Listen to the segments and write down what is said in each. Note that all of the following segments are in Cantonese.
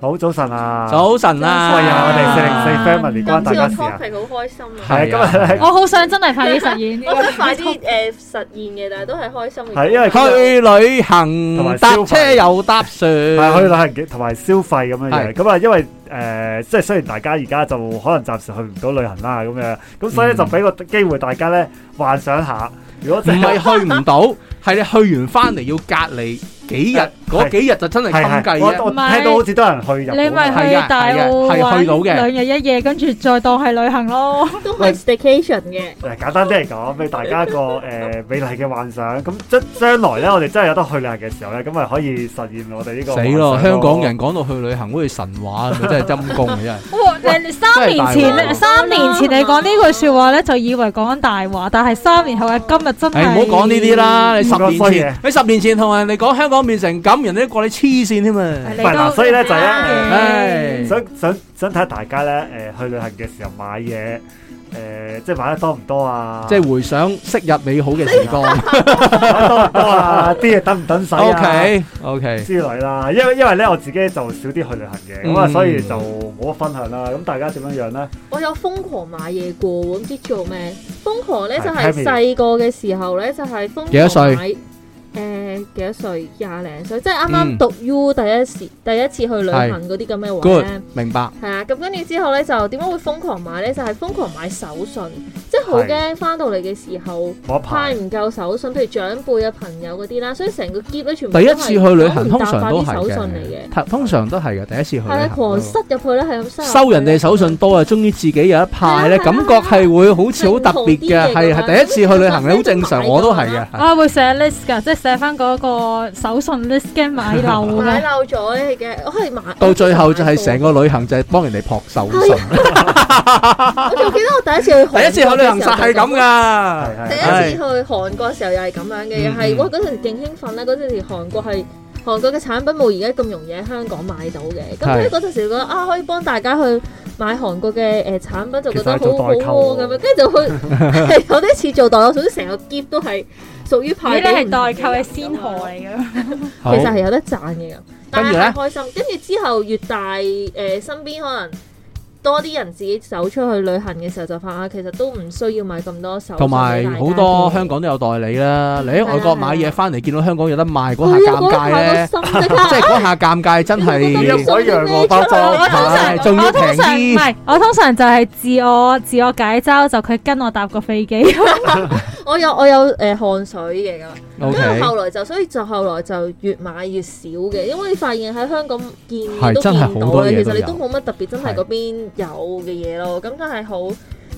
好早晨啊！早晨啊！喂啊！我哋四零四 family 關大今次個 topic 好開心啊！係今日咧，我好想真係快啲實現，我想快啲誒實現嘅，但係都係開心嘅。係因為去旅行搭車又搭船，係去旅行同埋消費咁樣嘢。咁啊，因為誒，即係雖然大家而家就可能暫時去唔到旅行啦，咁樣咁，所以咧就俾個機會大家咧幻想下，如果淨係去唔到。係你去完翻嚟要隔離幾日，嗰幾日就真係咁計啊！聽到好似多人去入，你咪去大澳圍，係去到嘅兩日一夜，跟住再當係旅行咯，都係 staycation 嘅。誒簡單啲嚟講，俾大家一個誒美麗嘅幻想。咁即將來咧，我哋真係有得去旅行嘅時候咧，咁咪可以實現我哋呢個。死咯！香港人講到去旅行好似神話，真係針共嘅人。哇！三年前，三年前你講呢句説話咧，就以為講緊大話，但係三年後嘅今日真係唔好講呢啲啦！你。十年前，你、啊、十年前同人哋講香港變成咁，人哋都過你黐線添嘛。係啦、 啊，所以咧就咧、啊，想想想睇下大家咧誒去旅行嘅時候買嘢。誒、呃，即係買得多唔多啊？即係回想昔日美好嘅時光， 多，多啊？啲嘢 等唔等使？OK OK，之類啦，因為因為咧我自己就少啲去旅行嘅，咁啊、嗯，所以就冇得分享啦。咁大家點樣樣咧？我有瘋狂買嘢過，唔知做咩？瘋狂咧就係細個嘅時候咧，就係瘋狂買。幾多歲？誒，幾多歲？廿零歲，即係啱啱讀 U，第一時第一次去旅行嗰啲咁嘅話咧，明白係啊。咁跟住之後咧，就點解會瘋狂買咧？就係瘋狂買手信，即係好驚翻到嚟嘅時候派唔夠手信，譬如長輩啊、朋友嗰啲啦。所以成個箧咧全部第一次去旅行通常都係手信嚟嘅，通常都係嘅。第一次去係狂塞入去咧，係收人哋手信多啊，中意自己有一派咧，感覺係會好似好特別嘅，係係第一次去旅行咧，好正常，我都係嘅。啊，會寫 list 噶，即係。射翻嗰個手信 list，驚買漏，買漏咗嘅，我可以買。到最後就係成個旅行就係幫人哋撲手信。我仲記得我第一次去。第一次去旅行實係咁噶，第一次去韓國嘅時候又係咁樣嘅，又係我嗰陣時勁興奮啦。嗰陣時韓國係韓國嘅產品冇而家咁容易喺香港買到嘅，咁喺嗰陣時覺得啊，可以幫大家去。買韓國嘅誒、呃、產品就覺得好好喎咁樣，跟住就去有啲似做代購，總之成個 job 都係屬於排你係 代購嘅先河嚟噶， 其實係有得賺嘅，好但係開心。跟住之後越大誒、呃，身邊可能。多啲人自己走出去旅行嘅時候就發現，其實都唔需要買咁多手。同埋好多香港都有代理啦，你喺外國買嘢翻嚟，見到香港有得賣，嗰下尷尬咧，即係嗰下尷尬真係可以讓我包裝下，仲要平啲。唔係，我通常就係自我自我解嘲，就佢跟我搭個飛機，我有我有誒，汗水嘅。跟住後來就，所以就後來就越買越少嘅，因為你發現喺香港見都見到啦，其實你都冇乜特別，真係嗰邊。有嘅嘢咯，咁佢係好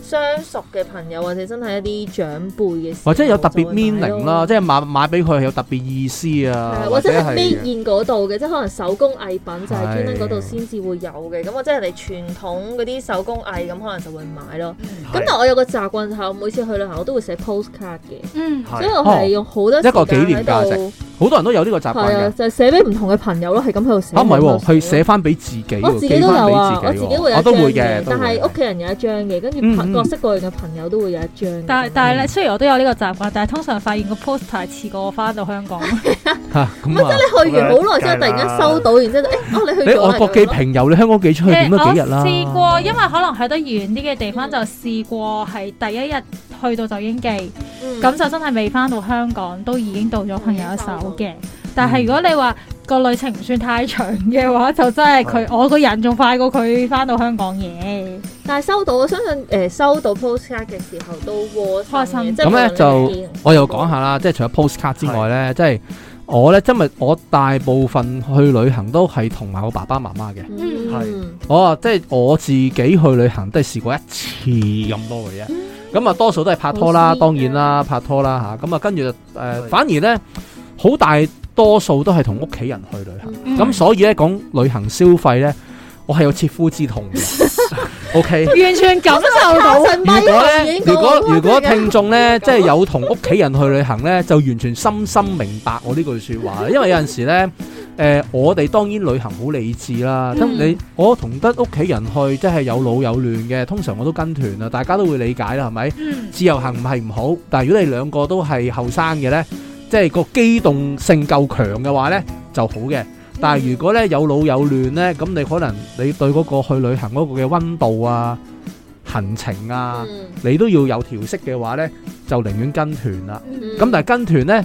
相熟嘅朋友，或者真係一啲長輩嘅，或者有特別 meaning 咯，即係買買俾佢有特別意思啊，或者係 made in 嗰度嘅，即係可能手工藝品就係專登嗰度先至會有嘅。咁或者係傳統嗰啲手工藝咁，可能就會買咯。咁的但我有個習慣，就係我每次去旅行我都會寫 postcard 嘅，嗯，所以我係用好多一個紀念價值。好多人都有呢個習慣嘅，就係寫俾唔同嘅朋友咯，係咁喺度寫。嚇唔係喎，去寫翻俾自己，寄翻俾自己，我自己都有啊，我自己會有張嘅。但係屋企人有一張嘅，跟住各式各樣嘅朋友都會有一張。但係但係咧，雖然我都有呢個習慣，但係通常發現個 post e 太遲過我翻到香港。嚇咁啊！即係你去完好耐之後，突然間收到，然之後你去咗。誒外國寄平郵，你香港寄出去咁幾日啦？試過，因為可能去得遠啲嘅地方就試過，係第一日去到就已經寄。咁、嗯、就真係未翻到香港，都已經到咗朋友一手嘅。嗯、但係如果你話個旅程唔算太長嘅話，嗯、就真係佢、嗯、我個人仲快過佢翻到香港嘅。但係收到，我相信誒收到 postcard 嘅時候都開心。咁咧張、嗯、就我又講下啦，即係除咗 postcard 之外咧，即係是我咧真係我大部分去旅行都係同埋我爸爸媽媽嘅。係、嗯、是我即係、就是、我自己去旅行都係試過一次咁多嘅啫。嗯咁啊，多數都係拍拖啦，師當然啦，拍拖啦吓。咁啊對，跟住誒，對 反而呢，好大多數都係同屋企人去旅行。咁、嗯、所以呢，講旅行消費呢，我係有切膚之痛嘅。 o Okay ? K，完全感受到。 如果咧，如果如果聽眾咧，即係 有同屋企人去旅行呢，就完全深深明白我呢句說話。因為有陣時咧。 誒、呃，我哋當然旅行好理智啦。咁、嗯、你我同得屋企人去，即、就、係、是、有老有嫩嘅，通常我都跟團啦，大家都會理解啦，係咪？嗯、自由行唔係唔好，但係如果你兩個都係後生嘅呢，即係個機動性夠強嘅話呢，就好嘅。但係如果呢，有老有嫩呢，咁、嗯、你可能你對嗰個去旅行嗰個嘅溫度啊、行程啊，嗯、你都要有調適嘅話呢，就寧願跟團啦。咁、嗯嗯、但係跟團呢。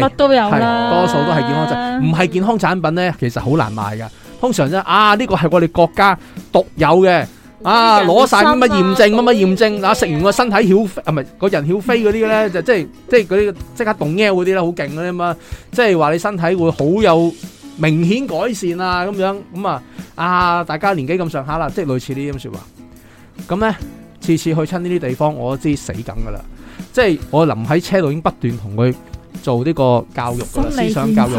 乜都有，係，多數都係健康質，唔係健康產品咧，其實好難賣噶。通常咧，啊呢個係我哋國家獨有嘅，啊攞晒咁乜驗證，咁乜驗證啊，食完個身體曉 啊唔係個人曉飛嗰啲咧，就即係即係嗰啲即刻動腰嗰啲咧，好勁咧嘛，即係話你身體會好有明顯改善啊咁樣，咁啊啊大家年紀咁上下啦，即係類似呢啲咁說話。咁咧，次次去親呢啲地方，我都知死梗噶啦，即係我臨喺車度已經不斷同佢，做呢個教育噶思想教育，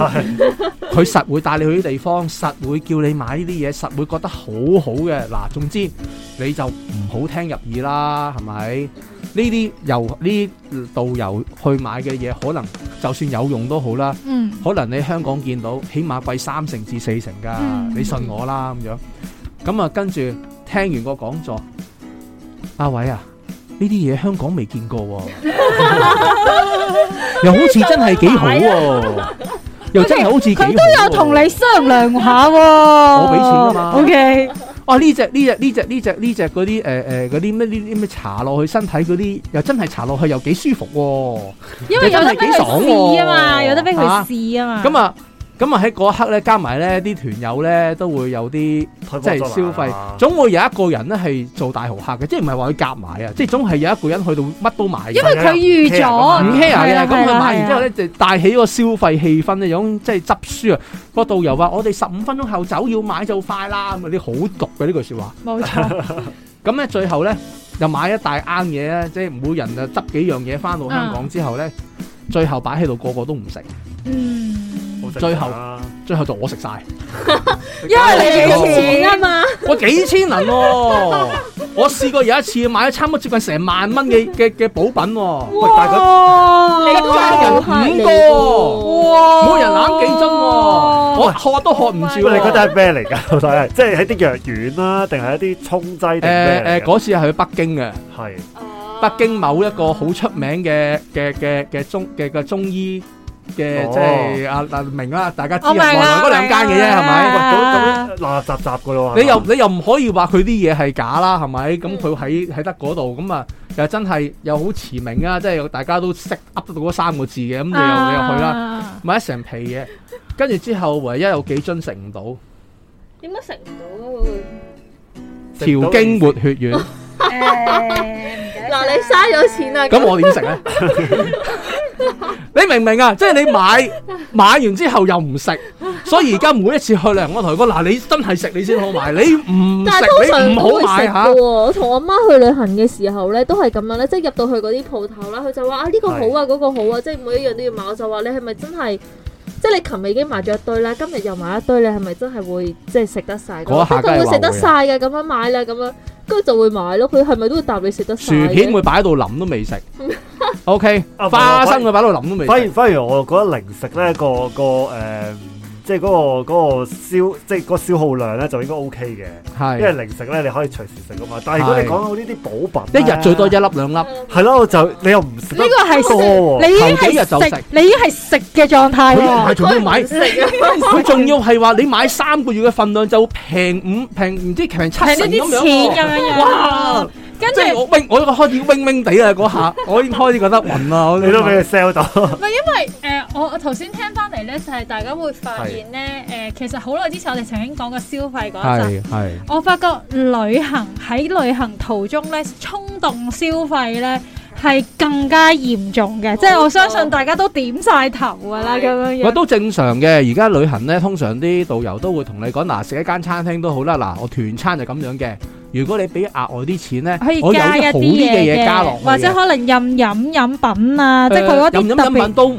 佢 實會帶你去啲地方，實會叫你買呢啲嘢，實會覺得好好嘅。嗱，總之，你就唔好聽入耳啦，係咪？呢啲由呢導遊去買嘅嘢，可能就算有用都好啦。嗯，可能你香港見到，起碼貴三成至四成㗎。嗯、你信我啦咁樣。咁啊，跟住聽完個講座，阿偉啊。呢啲嘢香港未見過，又好似真係幾好，又真係好似佢都有同你商量下。冇俾錢啊嘛。OK，哇呢隻呢隻呢隻呢隻呢隻嗰啲誒誒啲咩呢啲咩搽落去身體嗰啲，又真係搽落去又幾舒服，因為有得俾佢試啊嘛，有得俾佢試啊嘛。咁啊。咁啊喺嗰一刻咧，加埋咧啲團友咧都會有啲、啊、即係消費，總會有一個人咧係做大豪客嘅，即係唔係話佢夾埋啊，即係總係有一個人去到乜都買。因為佢預咗，唔 care 嘅。咁佢買完之後咧，啊啊、就帶起個消費氣氛咧，樣即係執輸啊。個導遊話：我哋十五分鐘後走，要買就快啦。咁啊啲好毒嘅呢句説話。冇錯。咁咧最後咧又買一大啱嘢咧，即係每人啊執幾樣嘢，翻到香港之後咧，嗯、最後擺喺度個個都唔食。嗯。最後，最後就我食晒， 因為你用錢啊嘛。我幾千銀喎，啊， 我試過有一次買咗差唔多接近成萬蚊嘅嘅嘅補品大，啊、哇，喂大概你家陣人五個，哇，每人攬幾樽喎，嗰喝哇都喝唔住。你覺得係咩嚟㗎？老、呃、細，即係喺啲藥丸啦，定係一啲沖劑定咩？嗰次係去北京嘅，係是北京某一個好出名嘅嘅嘅嘅中嘅嘅中醫。嘅，即係阿，嗱，明啦，大家知啊，嗰兩間嘅啫，係咪？垃垃雜雜嘅咯喎！你又你又唔可以話佢啲嘢係假啦，係咪？咁佢喺喺得嗰度，咁啊又真係又好馳名啊！即係大家都識 up 到嗰三個字嘅，咁你又你又去啦，買咗成皮嘢，跟住之後唯一有幾樽食唔到，點解食唔到？調經活血丸，嗱，你嘥咗錢啦！咁我點食咧？你明唔明啊？即係你買買完之後又唔食，所以而家每一次去旅行，我同佢講嗱，你真係食你先好買，你唔食你唔好買吓。但係通常唔會食喎。我同我媽去旅行嘅時候咧，都係咁樣咧，即係入到去嗰啲鋪頭啦，佢就話啊呢個好啊，嗰個好啊，即係每一樣都要買。我就話你係咪真係，即係你琴日已經買咗一堆啦，今日又買一堆，你係咪真係會即係食得晒？佢就會食得晒嘅咁樣買啦，咁樣。跟住就會買咯，佢係咪都會答你食得？薯片會擺喺度諗都未食。 o、okay, K，花生會擺喺度諗都未食，啊。反而反而，反而我覺得零食咧個個誒。呃即係、嗰個、嗰個消、嗰個，即係嗰個消耗量咧就應該 O K 嘅，係因為零食咧你可以隨時食㗎嘛。但係如果你講到呢啲補品，一日最多一粒兩粒，係咯，就你又唔食呢個係多你幾日就食？你已經係食嘅狀態、啊，佢仲要買，佢仲、啊、要係話你買三個月嘅份量就會平五平，唔知平七成咁樣。樣哇！哇！即係我我都開始暈暈地啊！嗰下我已經開始覺得暈啦，我哋 都俾佢 sell 到。唔係因為誒、呃，我我頭先聽翻嚟咧，就係、是、大家會發現咧誒是、呃，其實好耐之前我哋曾經講過消費嗰一集，是是我發覺旅行喺旅行途中咧，衝動消費咧係更加嚴重嘅。多即係我相信大家都點晒頭噶啦咁樣。喂，都正常嘅。而家旅行咧，通常啲導遊都會同你講：嗱，食一間餐廳都好啦，嗱，我團餐就咁樣嘅。如果你俾額外啲錢咧，我有啲好啲嘅嘢加落去或者可能任飲飲品啊，即係佢嗰啲特飲品都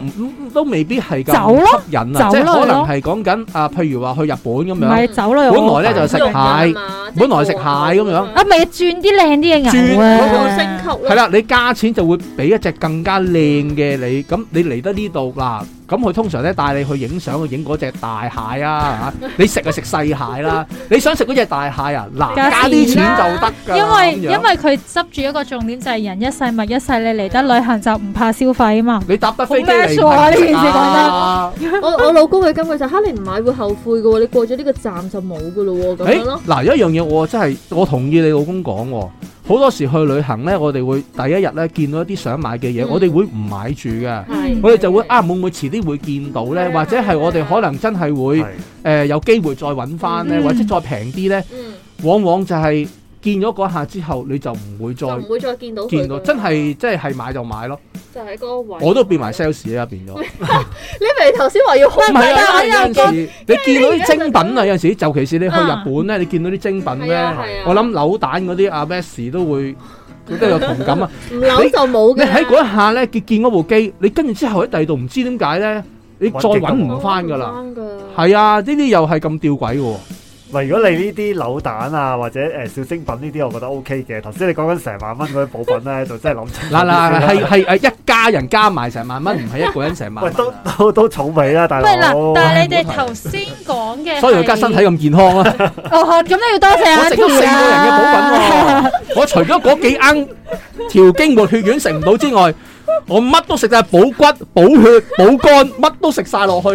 都未必係咁走咯，即係可能係講緊啊，譬如話去日本咁樣，本來咧就食蟹，本來食蟹咁樣。啊，咪轉啲靚啲嘅牛，啊！轉嗰個升級啦。係啦，你加錢就會俾一隻更加靚嘅你，咁你嚟得呢度啦。咁佢通常咧帶你去影相，去影嗰隻大蟹啊嚇！你食就食細蟹啦，你想食嗰隻大蟹啊？嗱、 啊， 啊啊、加啲錢就得噶，因為樣因為佢執住一個重點就係、是、人一世物一世，你嚟得旅行的就唔怕消費啊嘛。你搭得飛機嚟㗎嘛？在在 我我老公佢今個就嚇你唔買會後悔嘅喎，你過咗呢個站就冇嘅咯，咁嗱，有、欸、一樣嘢我真係我同意你老公講喎。好多時去旅行呢，我哋會第一日呢見到一啲想買嘅嘢，嗯、我哋會唔買住嘅，的我哋就會啊，會唔會遲啲會見到呢？的或者係我哋可能真係會誒的、呃、有機會再揾翻呢？或者再平啲呢？往往就係、係。見咗嗰下之後，你就唔會再唔會再見到見到真係，即係買就買咯。就喺嗰個位，我都變埋 sales 喺入邊咗。你咪頭先話要？唔係啊，有陣時你見到啲精品啊，有陣時，尤其是你去日本咧，你見到啲精品咧，我諗扭蛋嗰啲阿 Best 都會，佢都有同感啊。唔扭就冇嘅。你喺嗰一下咧，見見嗰部機，你跟住之後喺第二度唔知點解咧，你再搵唔翻噶啦。係啊，呢啲又係咁吊詭嘅。唔係，如果你呢啲扭蛋啊，或者誒小精品呢啲，我覺得 O K 嘅。頭先你講緊成萬蚊嗰啲補品咧，就真係諗唔出。嗱嗱，係係誒一家人加埋成萬蚊，唔係一個人成萬。都都都草尾啦，大佬。喂嗱，但係你哋頭先講嘅，所以佢而家身體咁健康啊。哦呵，咁你要多謝啊。我食咗四個人嘅補品喎，我除咗嗰幾盎調經活血丸食唔到之外。我乜都食，就係補骨、補血、補肝，乜都食晒落去。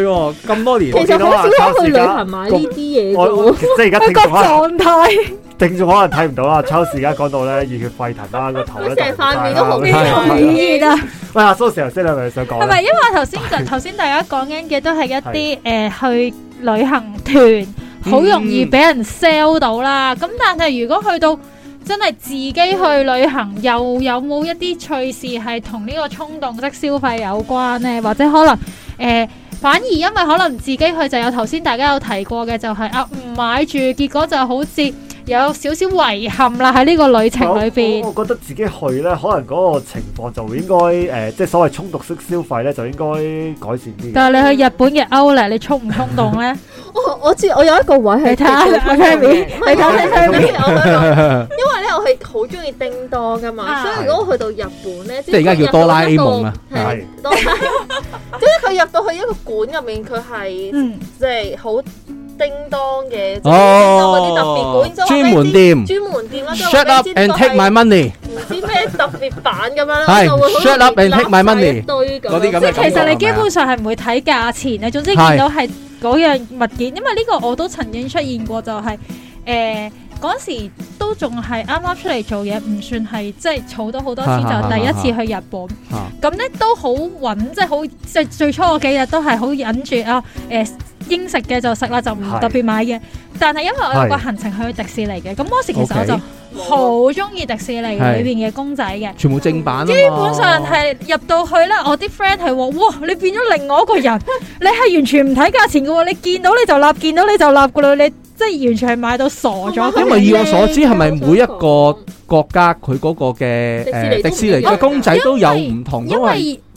咁多年，其實好少去旅行買呢啲嘢，即係而家定住狀態。定住可能睇唔到啦。阿秋 Sir 而家講到咧，熱血沸騰啦，個頭咧成塊面都好熱啊！喂，阿蘇 Sir，即係咪想講？係咪？因為我頭先就頭先大家講緊嘅都係一啲誒，去旅行團好容易俾人 sell 到啦。咁但係如果去到真係自己去旅行又有冇一啲趣事係同呢個衝動式消費有關呢？或者可能誒、呃，反而因為可能自己去就有頭先大家有提過嘅，就係啊唔買住，結果就好似。有少少遺憾啦，喺呢個旅程裏邊。我覺得自己去咧，可能嗰個情況就應該誒，即係所謂衝動式消費咧，就應該改善啲。但係你去日本嘅歐咧，你衝唔衝動咧？我我知，我有一個位，你睇下，你睇下裏面。因為咧，我係好中意叮噹㗎嘛，所以如果我去到日本咧，即係而家叫哆啦 A 夢啦，係。咁咧，佢入到去一個館入面，佢係即係好。叮噹嘅，見到嗰啲特別廣州嗰專門店，專門店嗰種，Shut up and take my money，唔知咩特別版咁 樣咯，Shut up and take my money，嗰啲咁即係其實你基本上係唔會睇價錢啊，嗎總之見到係嗰樣物件，因為呢個我都曾經出現過，就是，就係誒。嗰時都仲係啱啱出嚟做嘢，唔算係即係儲到好多錢，啊啊、就第一次去日本。咁咧、啊啊、都好穩，即係好即係最初嗰幾日都係好忍住啊！誒、哦、應、呃、食嘅就食啦，就唔特別買嘅。是但係因為我有個行程去迪士尼嘅，咁嗰時其實 okay, 我就好中意迪士尼裏邊嘅公仔嘅，全部正版。基本上係入到去咧，我啲 friend 係話，哇！你變咗另外一個人，你係完全唔睇價錢嘅喎！你見到你就立，見到你就立嘅啦，你。即係完全係買到傻咗，那個，因為以我所知係咪麗每一個國家佢嗰個嘅誒、呃、迪士尼嘅、啊、公仔都有唔同，為都係是。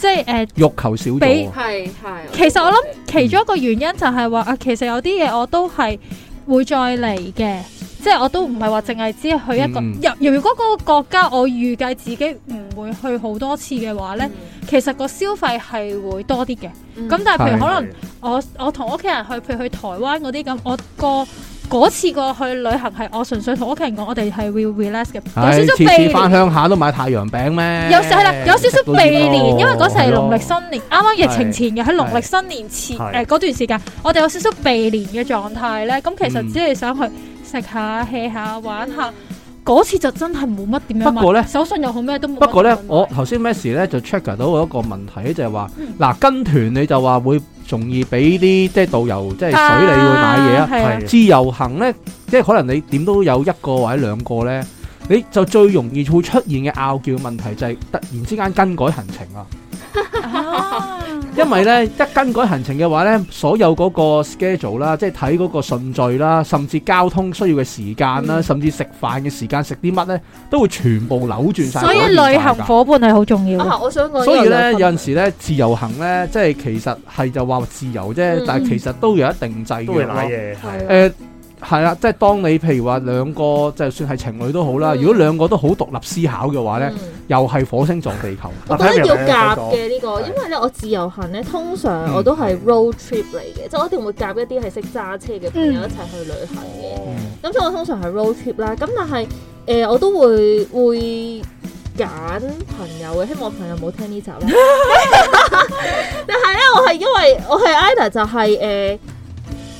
即係誒、uh, 欲求少咗，係係。其實我諗其中一個原因就係話啊，嗯、其實有啲嘢我都係會再嚟嘅，嗯、即係我都唔係話淨係只去一個。若、嗯、如果嗰個國家我預計自己唔會去好多次嘅話咧，嗯、其實個消費係會多啲嘅。咁、嗯、但係譬如可能我、嗯、我同屋企人去，譬如去台灣嗰啲咁，我個。嗰次過去旅行係我純粹同屋企人講，我哋係會 relax 嘅，有少少避年。次次返鄉下都買太陽餅咩？有時係啦，有少少避年，因為嗰時係農曆新年，啱啱疫情前嘅，喺農曆新年前誒嗰段時間，我哋有少少避年嘅狀態咧。咁其實只係想去食下、hea 下、玩下。嗰次就真係冇乜點樣，不過呢，手信又好咩都冇。不過呢，我頭先咩事呢就 check 到一個問題，就係話嗱，跟團你就話會容易俾啲即係導遊即係水你會買嘢啊自由行呢，即係可能你點都有一個或者兩個呢，你就最容易會出現嘅拗撬問題就係突然之間更改行程啊。因為咧一更改行程嘅話咧，所有嗰個 schedule 啦，即係睇嗰個順序啦，甚至交通需要嘅時間啦，甚至食飯嘅時間食啲乜咧，都會全部扭轉晒。所以旅行伙伴係好重要。我想講。所以咧有陣時咧自由行咧，即係其實係就話自由啫，但係其實都有一定制嘅。都會瀨嘢。誒。係啦，即係當你譬如話兩個，就算係情侶都好啦。嗯、如果兩個都好獨立思考嘅話呢，嗯、又係火星撞地球。我覺得要夾嘅呢個，對因為呢，我自由行呢，通常我都係 road trip 嚟嘅，即係、嗯、我一定會夾一啲係識揸車嘅朋友一齊去旅行嘅。咁、嗯、所以我通常係 road trip 啦。咁但係誒、呃，我都會會揀朋友嘅，希望朋友冇聽呢集啦。但係呢，我係因為我係 Ida 就係、是、誒。呃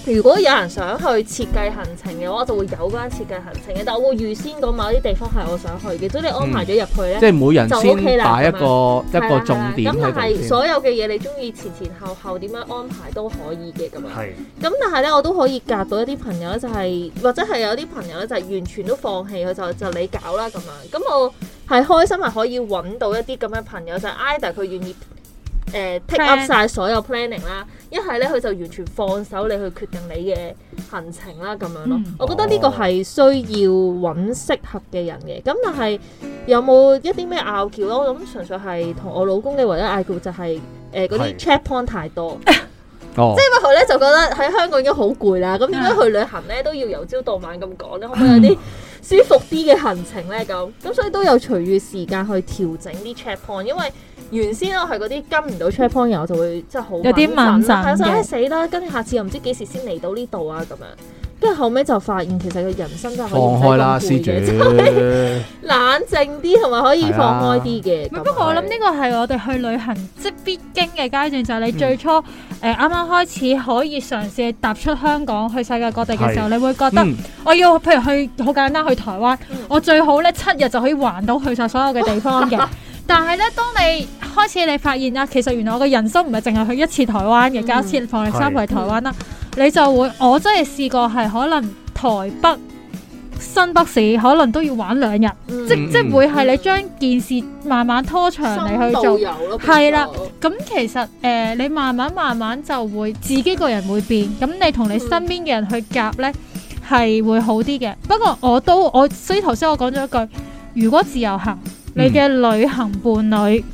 如果有人想去設計行程嘅話，我就會有關設計行程嘅，但我會預先到某啲地方係我想去嘅，所以你安排咗入去咧，即係、嗯、每人先擺一個一個重點重點。咁但係所有嘅嘢你中意前前後後點樣安排都可以嘅咁樣。係是。咁但係咧，我都可以夾到一啲朋友，就係、是、或者係有啲朋友咧就係完全都放棄佢，就就你搞啦咁樣。咁我係開心係可以揾到一啲咁嘅朋友，就是、Ida 佢願意誒、呃、take up 晒、嗯、所有 planning 啦。一係咧佢就完全放手你去決定你嘅行程啦咁樣咯，嗯哦、我覺得呢個係需要揾適合嘅人嘅。咁但係有冇一啲咩拗撬咯？我諗純粹係同我老公嘅唯一拗撬就係誒嗰啲 check point 太多，即係因為佢咧就覺得喺香港已經好攰啦，咁點解去旅行咧都要由朝到晚咁講咧？嗯、可唔可以有啲？舒服啲嘅行程咧，咁，咁所以都有隨住時間去調整啲 check point，因為原先我係嗰啲跟唔到 check point，我就會即係好有啲掹神嘅，死、哎、啦！跟住下次又唔知幾時先嚟到呢度啊咁樣。跟住後尾就發現，其實個人生都係可以放開啦，師姐，冷靜啲同埋可以放開啲嘅。不過我諗呢個係我哋去旅行即必經嘅階段，就係你最初誒啱啱開始可以嘗試踏出香港去世界各地嘅時候，你會覺得我要譬如去好簡單去台灣，我最好咧七日就可以環到去晒所有嘅地方嘅。但係咧，當你開始你發現啦，其實原來我嘅人生唔係淨係去一次台灣嘅，搞先放第三次台灣啦。你就會，我真係試過係可能台北、新北市可能都要玩兩日，嗯，即即會係你將件事慢慢拖長你去做，係啦。咁其實誒、呃，你慢慢慢慢就會自己個人會變，咁你同你身邊嘅人去夾呢，係、嗯、會好啲嘅。不過我都我所以頭先我講咗一句，如果自由行，你嘅旅行伴侶，嗯嗯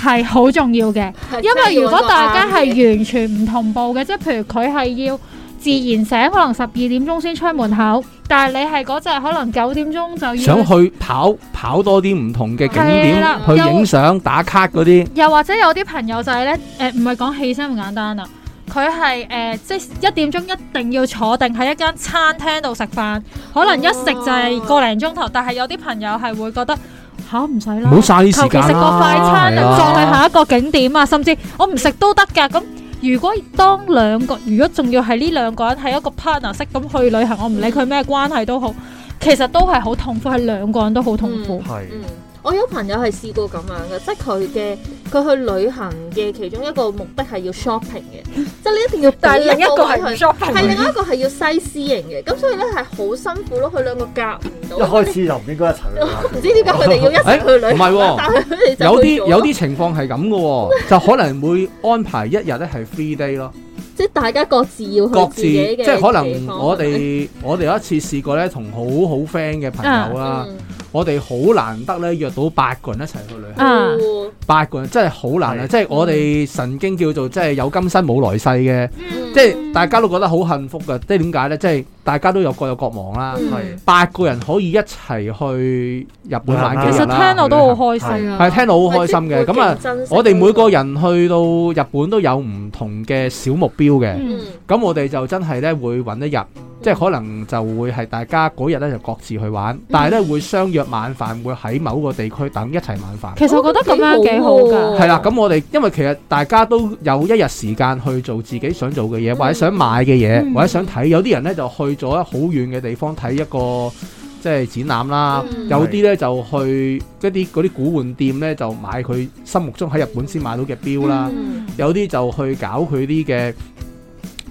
係好重要嘅，因為如果大家係完全唔同步嘅，即係譬如佢係要自然醒，可能十二點鐘先出門口，但係你係嗰隻可能九點鐘就要想去跑，跑多啲唔同嘅景點的去影相、嗯、打卡嗰啲。又或者有啲朋友就係咧，誒唔係講起身咁簡單啦，佢係誒即係一點鐘一定要坐定喺一間餐廳度食飯，可能一食就係個零鐘頭，但係有啲朋友係會覺得。吓唔使啦，唔好嘥啲時間啦。求其食個快餐啊，再對啦 去下一個景點啊，甚至我唔食都得㗎。咁如果當兩個，如果仲要係呢兩個人係一個 partner 式咁去旅行，我唔理佢咩關係都好，其實都係好痛苦，係兩個人都好痛苦，嗯。係。我有朋友係試過咁樣嘅，即係佢嘅佢去旅行嘅其中一個目的係要 shopping 嘅，即係你一定要帶另一個去，去 shopping，係另一個係要西施型嘅，咁所以咧係好辛苦咯，佢兩個夾唔到。一開始就唔應該一齊去。唔為知點解佢哋要一齊去旅行？唔係喎，但係佢哋有啲有啲情況係咁嘅， 就可能會安排一日咧係 free day 咯。即係大家各自要自自各自嘅。即係可能我哋 我哋有一次試過咧，同好好 friend 嘅朋友啦。 啊嗯我哋好難得咧，約到八個人一齊去旅行。啊、八個人真係好難啊！即係的我哋曾經叫做即係有今生冇來世嘅，嗯、即係大家都覺得好幸福㗎。即係點解咧？即係。大家都有各有各忙啦，八個人可以一齊去日本玩嘅。其實聽到都好開心，啊，係聽到好開心嘅。咁啊，我哋每個人去到日本都有唔同嘅小目標嘅。咁我哋就真係咧會揾一日，即係可能就會係大家嗰日咧就各自去玩，但係咧會相約晚飯會喺某個地區等一齊晚飯。其實我覺得咁樣幾好㗎。係啦，咁我哋因為其實大家都有一日時間去做自己想做嘅嘢，或者想買嘅嘢，或者想睇。有啲人咧就去。咗好遠嘅地方睇一個即係展覽啦，嗯、有啲咧就去一啲啲古玩店咧就買佢心目中喺日本先買到嘅表啦，嗯、有啲就去搞佢啲嘅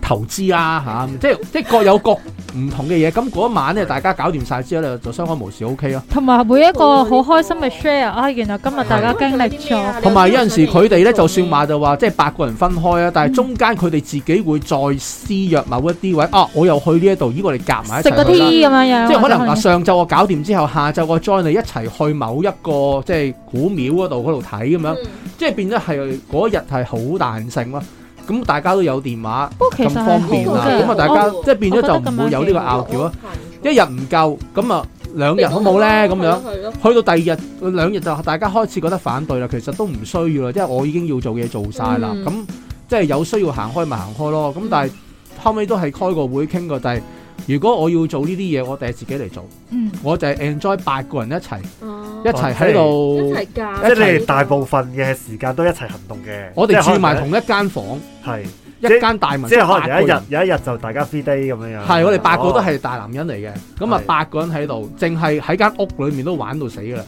投資啦吓，即係即係各有各。 唔同嘅嘢，咁嗰一晚咧，大家搞掂晒之後咧，就相安無事 O K 咯。同埋每一個好開心嘅 share，啊，原來今日大家經歷咗。同埋有陣時佢哋咧，就算話就話即係八個人分開啊，嗯、但係中間佢哋自己會再私約某一啲位，啊，我又去呢、依個、一度，咦，我哋夾埋一齊食嗰啲咁樣樣。即係可能嗱，上晝我搞掂之後，或是 下晝我再你一齊去某一個即係、就是、古廟嗰度嗰度睇咁樣，嗯、即係變咗係嗰日係好彈性咯。咁大家都有電話咁方便啦，咁啊、哦、大家、哦、即係變咗就唔會有呢個拗撬啊！嗯、一日唔夠，咁啊兩日好冇呢？咁樣，去到第二日兩日就大家開始覺得反對啦。其實都唔需要啦，即係我已經要做嘢做晒啦。咁、嗯、即係有需要行開咪行開咯。咁、嗯、但係後尾都係開個會傾個，但係。如果我要做呢啲嘢，我哋係自己嚟做。嗯，我就係 enjoy 八個人一齊，哦、一齊喺度，即係你哋大部分嘅時間都一齊行動嘅。我哋住埋同一間房，係是一間大民，即係可能有一日有一日就大家 free day 咁樣樣。係，我哋八個都係大男人嚟嘅，咁啊八個人喺度，淨係喺間屋裏面都玩到死噶啦。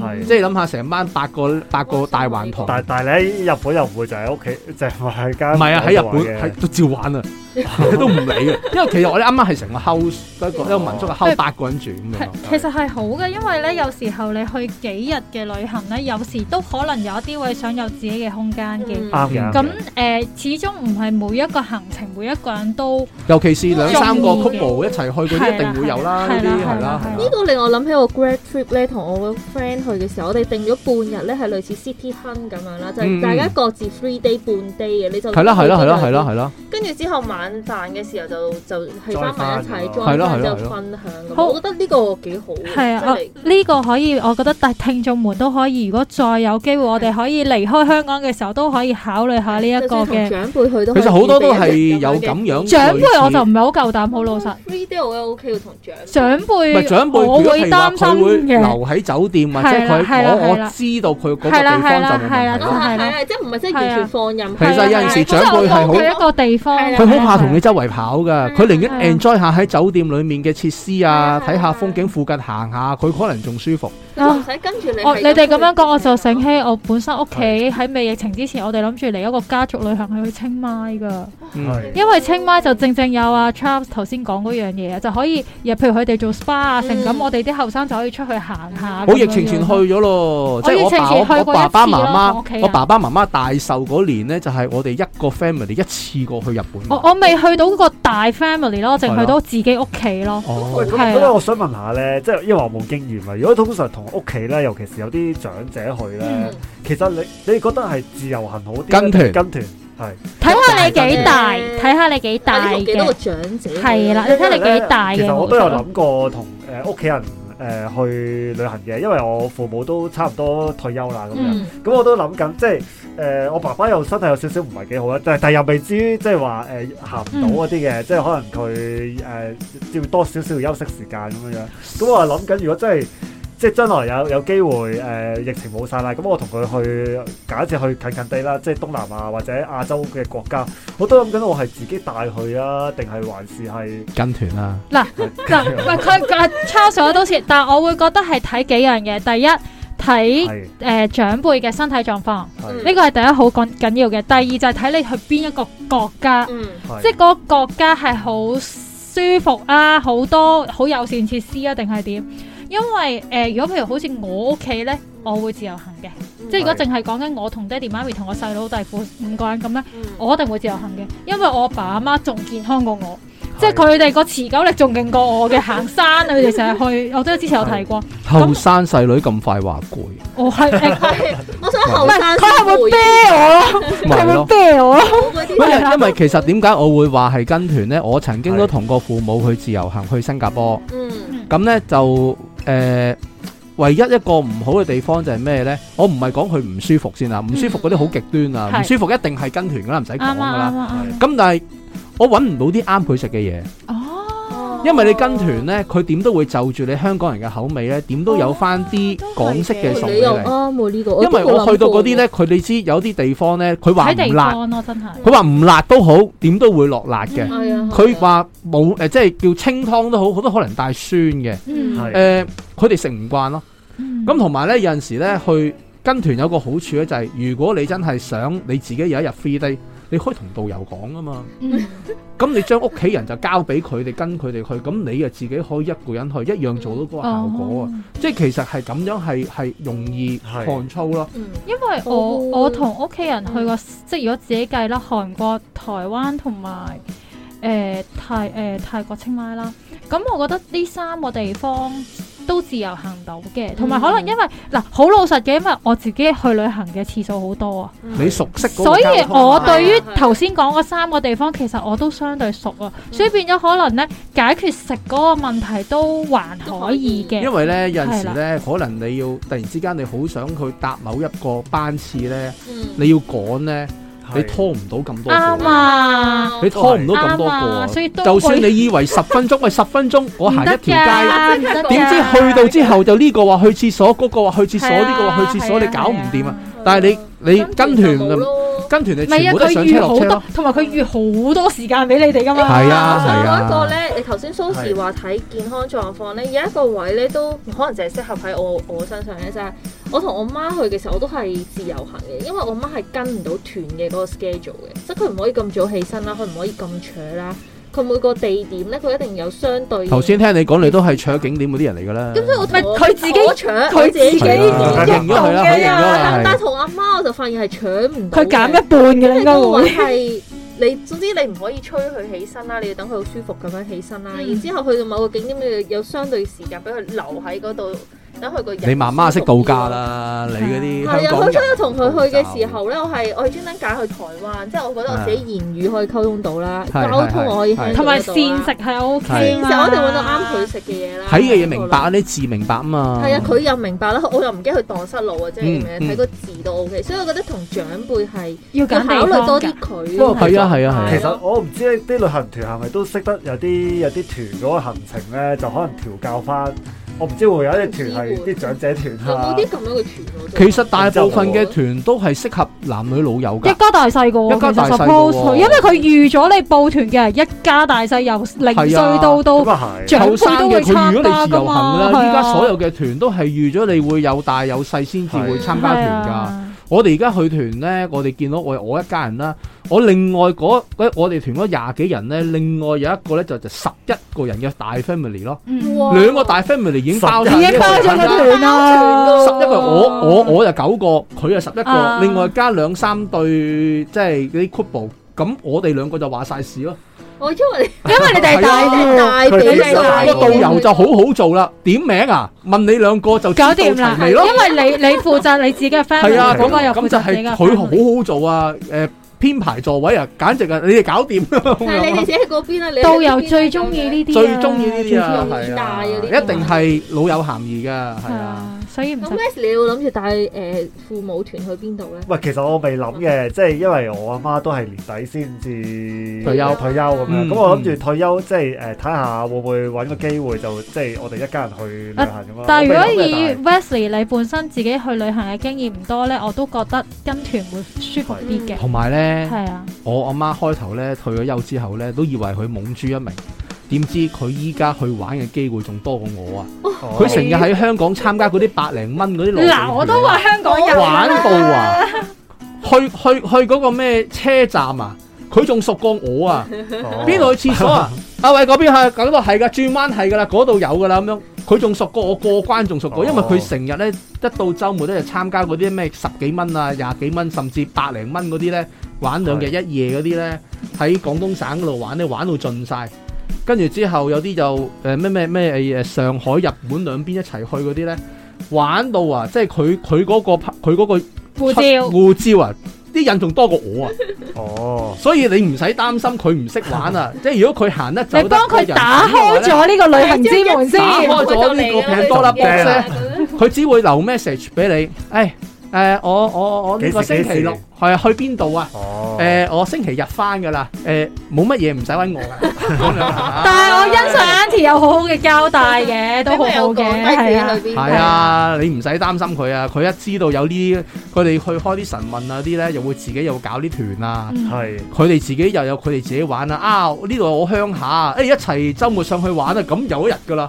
係，即係諗下成班八個八個大環台。但但係你喺日本又唔會就喺屋企，就係喺間唔係啊？喺日本，喺都照玩啊，佢都唔理啊！因為其實我哋啱啱係成個 house，一個民宿啊，house 八個人住咁樣。其實係好嘅，因為咧有時候你去幾日嘅旅行咧，有時都可能有一啲位想有自己嘅空間嘅。咁誒，始終唔係每一個行程，每一個人都尤其是兩三個曲 o 一齊去嗰啲，定會有啦。呢啲係啦，係。呢個令我諗起個 great trip 咧，同我去嘅時候，我哋定咗半日咧，係類似 city hunt 咁樣啦，就係大家各自 free day 半 day 嘅，你就係啦係啦係啦係啦，跟住之後晚飯嘅時候就就去翻埋一齊 join，然之後分享。我覺得呢個幾好，係啊，呢個可以，我覺得大聽眾們都可以。如果再有機會，我哋可以離開香港嘅時候，都可以考慮下呢一個嘅。同長輩去都其實好多都係有咁樣。長輩我就唔係好夠膽，好老實。free day 我都 OK，要同長長輩。唔係長輩，我會擔心嘅，留喺酒店。或者佢啦，我知道佢嗰個地方就咁樣啦，係啦，即係唔係即係完全放任。其實有陣時長輩係好，佢一個地方，佢好怕同你周圍跑噶，佢寧願 enjoy 下喺酒店裏面嘅設施啊，睇下風景，附近行下，佢可能仲舒服。唔使跟住你哋咁樣講。我，我就醒起，我本身屋企喺未疫情之前，我哋諗住嚟一個家族旅行去清邁噶。是因為清邁就正正有阿、啊、Charles 頭先講嗰樣嘢就可以，譬如佢哋做 SPA 啊等等，剩咁、嗯、我哋啲後生就可以出去行下。我疫情前去咗咯，即係是 我去我我爸爸媽媽，我爸我我爸媽媽大壽嗰年呢，就係我哋一個 family，一次過去日本我。我未去到嗰個大 family 咯，淨去到自己屋企咯。咁我想問下呢，即係因為我冇經驗啊，如果通常同。屋企咧，尤其是有啲長者去咧，嗯、其實你你覺得係自由行好啲？跟團跟團係睇下你幾大，睇下你幾大嘅幾多個長者係啦，你睇你幾大。其實我都有諗過同誒屋企人誒去旅行嘅，因為我父母都差唔多退休啦咁樣。咁、嗯、我都諗緊，即係誒、呃、我爸爸又身體有少少唔係幾好啦，但係但係又未至於即係話誒行唔到嗰啲嘅，即係、呃嗯、可能佢誒、呃、要多少少休息時間咁樣。咁我話諗緊，如果真係。即係將來有有機會誒、呃、疫情冇晒啦，咁我同佢去假設去近近地啦，即係東南亞或者亞洲嘅國家。我都諗緊我係自己帶去啊，定係還是係跟團、啊、啦？嗱是，就佢個 c o n c 都似，但係我會覺得係睇幾樣嘢。第一睇誒是、呃、長輩嘅身體狀況，呢是個係第一好緊要嘅。第二就係睇你去邊一個國家，嗯、是即係嗰個國家係好舒服啊，好多好友善設，設施啊，定係點？因為誒，如果譬如好似我屋企咧，我會自由行嘅，即係如果淨係講緊我同爹哋媽咪同我細佬弟夫五個人咁咧，我一定會自由行嘅，因為我阿爸阿媽仲健康過我，即係佢哋個持久力仲勁過我嘅，行山，佢哋成日去，我都之前有提過。後生細女咁快話攰，我係，我想後生，佢係會嗲我，咪咯嗲我。唔係，因為其實點解我會話係跟團咧？我曾經都同過父母去自由行去新加坡，咁咧就。誒、呃，唯一一個唔好嘅地方就係咩呢？我唔係講佢唔舒服先啦，唔、嗯、舒服嗰啲好極端啊，唔是舒服一定係跟團㗎啦，唔使講㗎啦。咁、嗯嗯嗯嗯、但係我揾唔到啲啱佢食嘅嘢。哦因為你跟團呢，佢點都會就住你香港人嘅口味咧，點都有翻啲港式嘅餸嚟。因為我去到嗰啲呢，佢你知有啲地方呢，佢話唔辣，佢話唔辣都好，點都會落辣嘅。佢話冇誒，即係叫清湯都好，好多可能帶酸嘅。佢哋食唔慣咯。咁同埋呢，有陣時呢，去跟團有個好處呢，就係如果你真係想你自己有一日 free day。你可以同導遊講啊嘛，咁 你將屋企人就交俾佢哋，跟佢哋去，咁你啊自己可以一個人去，一樣做到嗰個效果啊！哦、即係其實係咁樣係係容易汗粗咯。嗯、因為我我同屋企人去過，嗯、即係如果自己計啦，韓國、台灣同埋誒泰誒、呃、泰國清邁啦，咁我覺得呢三個地方都自由行到嘅，同埋可能因為，嗱好、嗯、老實嘅，因為我自己去旅行嘅次數好多啊。你熟悉、啊，所以我對於頭先講嗰三個地方，嗯、其實我都相對熟啊，所以變咗可能咧解決食嗰個問題都還可以嘅。因為咧有陣時咧，的可能你要突然之間你好想去搭某一個班次咧，嗯、你要趕咧。你拖唔到咁多個，你拖唔到咁多個啊！就算你以為十分鐘，喂，十分鐘，我行一條街，點知去到之後就呢個話去廁所，嗰個話去廁所，呢個話去廁所，你搞唔掂啊！但係你，你跟團跟團你全部都上車同埋佢預好多，落車多時間俾你哋噶嘛。係啊，仲、啊、有一個咧，啊、你頭先蘇士話睇健康狀況咧，有一個位咧都可能淨係適合喺我我身上嘅啫。就係、我同我媽去嘅時候，我都係自由行嘅，因為我媽係跟唔到團嘅嗰個 schedule 嘅，即係佢唔可以咁早起身啦，佢唔可以咁扯啦。佢每個地點咧，佢一定有相對。頭先聽你講，你都係搶景點嗰啲人嚟㗎啦。咁所以我唔係佢自己搶，佢自己一個啊。但係同阿媽我就發現係搶唔到。佢減一半㗎啦，應該會。你總之你唔可以催佢起身啦，你要等佢好舒服咁樣起身啦。 然之後去到某個景點，你有相對時間俾佢留喺嗰度。你媽媽識度假啦，你嗰啲係啊！我嗰次同佢去嘅時候咧，我係我係專登揀去台灣，即係我覺得我自己言語可以溝通到啦，溝通我可以同埋膳食係 OK，膳食我哋揾到啱佢食嘅嘢啦。睇嘅嘢明白啊，啲字明白啊嘛。係啊，佢又明白啦，我又唔驚佢蕩失路啊，即係咩？睇個字都 OK，所以我覺得同長輩係要考慮多啲佢。不過係啊，係啊，係啊。其實我唔知啲旅行團係咪都識得有啲有啲團嗰個行程咧，就可能調教翻。我唔知會唔會有一啲團係啲長者團嚇，有冇啲咁樣嘅團？其實大部分嘅團都係適合男女老幼嘅，一家大細個，一家大細個。因為佢預咗你報團嘅一家大細由零歲到到長輩，咁佢都要參加㗎嘛。依家所有嘅團都係預咗你會有大有細先至會參加團㗎。我哋而家去團咧，我哋見到我我一家人啦，我另外嗰、嗰個、我哋團嗰廿幾人咧，另外有一個咧就就十一個人嘅大 family 咯，哇兩個大 family 已經包曬咗團啦，十，個十一個、啊、我我我就九個，佢就十一個，啊、另外加兩三對即係嗰啲 couple，咁我哋兩個就話晒事咯。我因為因為你哋大點大點啊，個導遊就好好做啦。點名啊，問你兩個就搞掂啦，係咯。因為你你負責你自己嘅 friend，係啊，講翻入去。咁就係佢好好做啊。誒，編排座位啊，簡直啊，你哋搞掂啦。但係你哋喺嗰邊啊，導遊最中意呢啲，最中意呢啲啊，係啊，一定係老有含意噶，係啊。所以咁，Westley 諗住帶誒父母團去邊度咧？喂，其實我未諗嘅，即係因為我阿媽都係年底先至退休退休咁樣，咁我諗住退休即係誒睇下會唔會搵個機會就即係我哋一家人去旅行咁咯。但係如果以 Wesley 你本身自己去旅行嘅經驗唔多咧，我都覺得跟團會舒服啲嘅。同埋咧，係啊，我阿媽開頭咧退咗休之後咧，都以為佢懵豬一名。點知佢依家去玩嘅機會仲多過我啊？佢成日喺香港參加嗰啲百零蚊嗰啲路。嗱、啊，我都話香港人玩到啊！去去去嗰個咩車站啊？佢仲熟過我啊？邊度、哦、去廁所啊？阿偉嗰邊去，嗰度係噶，轉彎係噶啦，嗰、啊、度有噶啦，咁樣佢仲熟過我，過關仲熟過，哦、因為佢成日咧一到周末咧就參加嗰啲咩十幾蚊啊、廿幾蚊，甚至百零蚊嗰啲咧玩兩日一夜嗰啲咧喺廣東省度玩咧玩到盡晒。跟住之後有啲就誒咩咩咩誒上海日本兩邊一齊去嗰啲咧，玩到啊！即係佢佢嗰個佢嗰個護照護照啊，啲人仲多過我啊！哦， 所以你唔使擔心佢唔識玩啊！ 即係如果佢行得走得，你幫佢打開咗呢個旅行之門先，打開咗呢、這個多啦，佢只會留 message 俾你。誒、哎、誒、呃，我我我呢個星期六係去邊度啊？誒、 啊，我星期日翻噶啦。誒，冇乜嘢，唔使搵我 但係我欣賞 Andy 有好好嘅交代嘅， 都好好嘅，係啊，係啊，啊你唔使擔心佢啊，佢一知道有啲，佢哋去開啲神問啊啲咧，又會自己又搞啲團啊，係、嗯，佢哋自己又有佢哋自己玩啊，啊呢度係我鄉下，誒、哎、一齊周末上去玩啊，咁有一日㗎啦。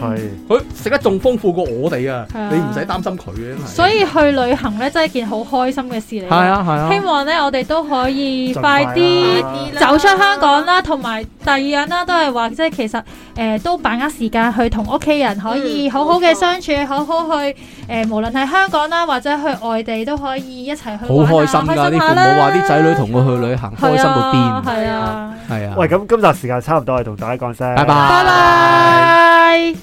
係佢食得仲豐富過我哋啊！你唔使擔心佢啊，所以去旅行咧，真係一件好開心嘅事嚟。係啊係啊！希望咧，我哋都可以快啲走出香港啦，同埋第二樣啦都係話即係其實誒都把握時間去同屋企人可以好好嘅相處，好好去誒無論係香港啦或者去外地都可以一齊去。好開心噶啲父母話啲仔女同佢去旅行開心到邊，係啊係啊！喂咁今集時間差唔多，同大家講聲拜拜。